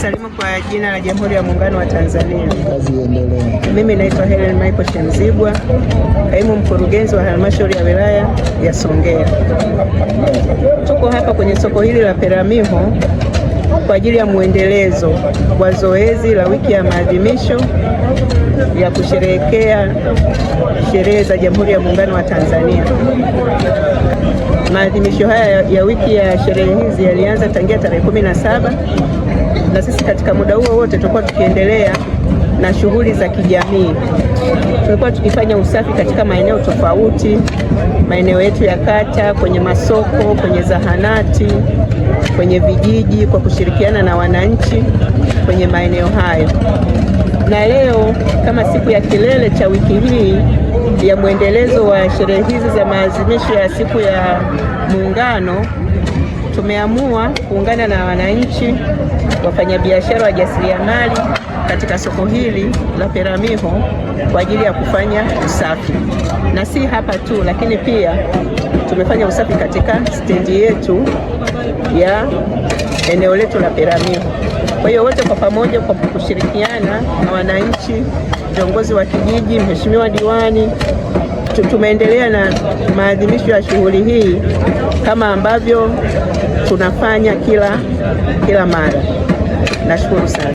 Salimu kwa jina la Jamhuri ya Muungano wa Tanzania. Kazi iendelee. Mimi naitwa Helen Michael Shemzibwa, kaimu mkurugenzi wa halmashauri ya wilaya ya Songea. Tuko hapa kwenye soko hili la Peramiho kwa ajili ya mwendelezo wa zoezi la wiki ya maadhimisho ya kusherehekea sherehe za Jamhuri ya Muungano wa Tanzania. Maadhimisho haya ya wiki ya sherehe hizi yalianza tangia tarehe 17 na sisi katika muda huo wote tulikuwa tukiendelea na shughuli za kijamii. Tulikuwa tukifanya usafi katika maeneo tofauti, maeneo yetu ya kata, kwenye masoko, kwenye zahanati, kwenye vijiji, kwa kushirikiana na wananchi kwenye maeneo hayo. Na leo kama siku ya kilele cha wiki hii ya mwendelezo wa sherehe hizi za maadhimisho ya siku ya Muungano tumeamua kuungana na wananchi, wafanyabiashara, wa jasiriamali katika soko hili la Peramiho kwa ajili ya kufanya usafi, na si hapa tu, lakini pia tumefanya usafi katika stendi yetu ya eneo letu la Peramiho. Kwa hiyo wote kwa pamoja, kwa kushirikiana na wananchi, viongozi wa kijiji, mheshimiwa diwani, tumeendelea na maadhimisho ya shughuli hii kama ambavyo tunafanya kila kila mara. Nashukuru sana.